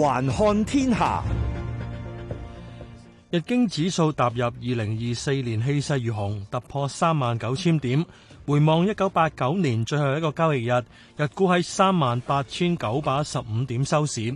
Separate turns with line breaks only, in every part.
環看天下，日經指數踏入二零二四年氣勢如虹，突破三萬九千點。回望一九八九年最後一個交易日，日股喺三萬八千九百十五點收市。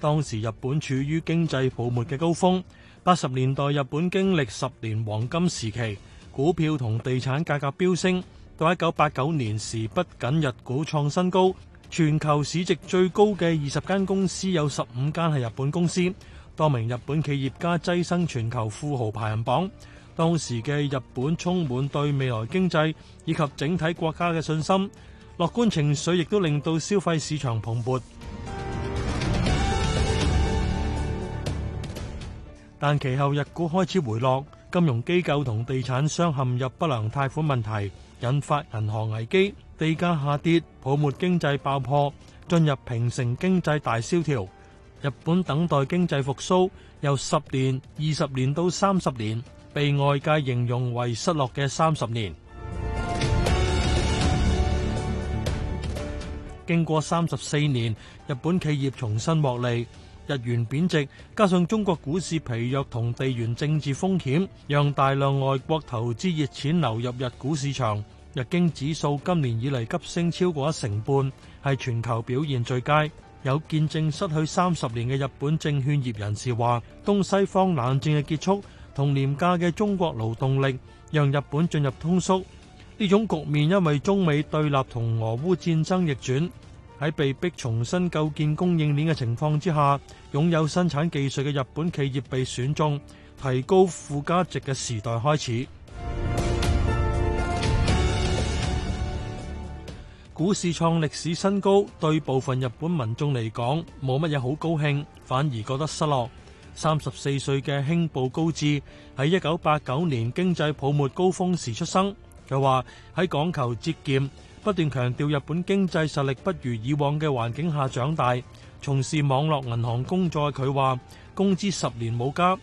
當時日本處於經濟泡沫嘅高峰，八十年代日本經歷十年黃金時期，股票同地產價格飆升。到一九八九年時，不僅日股創新高。全球市值最高嘅二十間公司有十五間係日本公司，多名日本企業家躋身全球富豪排行榜。當時嘅日本充滿對未來經濟以及整體國家嘅信心，樂觀情緒亦都令到消費市場蓬勃。但其後日股開始回落，金融機構同地產商陷入不良貸款問題，引發銀行危機。地價下跌、泡沫經濟爆破、進入平成經濟大蕭條，日本等待經濟復甦，由十年、二十年到三十年，被外界形容為失落嘅三十年。經過三十四年，日本企業重新獲利，日元貶值，加上中國股市疲弱同地緣政治風險，讓大量外國投資熱錢流入日股市場。日經指數今年以嚟急升超過一成半，係全球表現最佳。有見證失去三十年嘅日本證券業人士話：東西方冷戰嘅結束，同廉價嘅中國勞動力，讓日本進入通縮呢種局面。因為中美對立同俄烏戰爭逆轉，喺被迫重新構建供應鏈嘅情況之下，擁有生產技術嘅日本企業被選中，提高附加值嘅時代開始。股市創歷史新高，對部分日本民眾嚟講冇乜嘢好高興，反而覺得失落。三十四歲嘅輕步高志喺一九八九年經濟泡沫高峰時出生，佢話喺講求節儉、不斷強調日本經濟實力不如以往嘅環境下長大，從事網絡銀行工作，佢話工資十年冇加。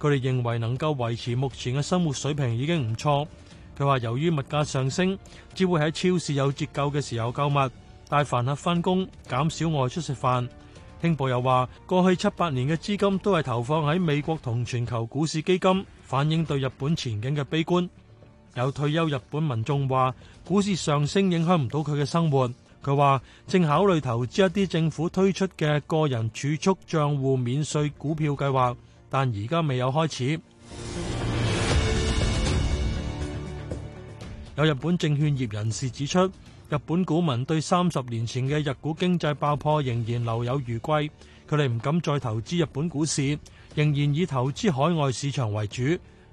佢哋認為能夠維持目前嘅生活水平已經唔錯。佢話由於物價上升，只會喺超市有折扣嘅時候購物，帶飯盒返工，減少外出食飯。聽報又話過去七八年嘅資金都係投放喺美國同全球股市基金，反映對日本前景嘅悲觀。有退休日本民眾話股市上升影響唔到佢嘅生活。佢話正考慮投資一啲政府推出嘅個人儲蓄賬戶免稅股票計劃，但而家未有開始。有日本證券業人士指出，日本股民對三十年前嘅日股經濟爆破仍然留有餘悸，佢哋唔敢再投資日本股市，仍然以投資海外市場為主。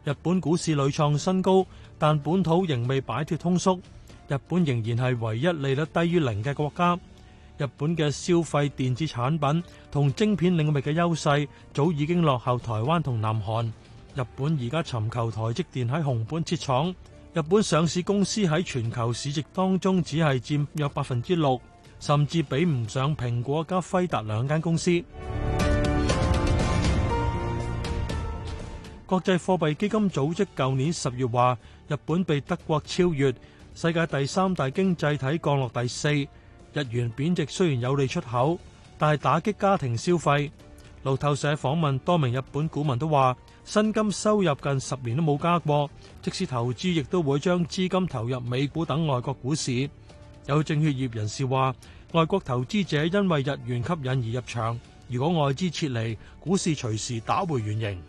日本股市屢創新高，但本土仍未擺脫通縮，日本仍然係唯一利率低於零嘅國家。日本嘅消費電子產品同晶片領域嘅優勢早已經落後台灣同南韓，日本而家尋求台積電喺熊本設廠。日本上市公司喺全球市值當中只係占約百分之六，甚至比唔上蘋果加輝達兩間公司。國際貨幣基金組織舊年十月話，日本被德國超越，世界第三大經濟體降落第四。日元貶值雖然有利出口，但係打擊家庭消費。路透社訪問多名日本股民都話，薪金收入近十年都冇加過，即使投資亦都會將資金投入美股等外國股市。有證券業人士話，外國投資者因為日元吸引而入場，如果外資撤離，股市隨時打回原形。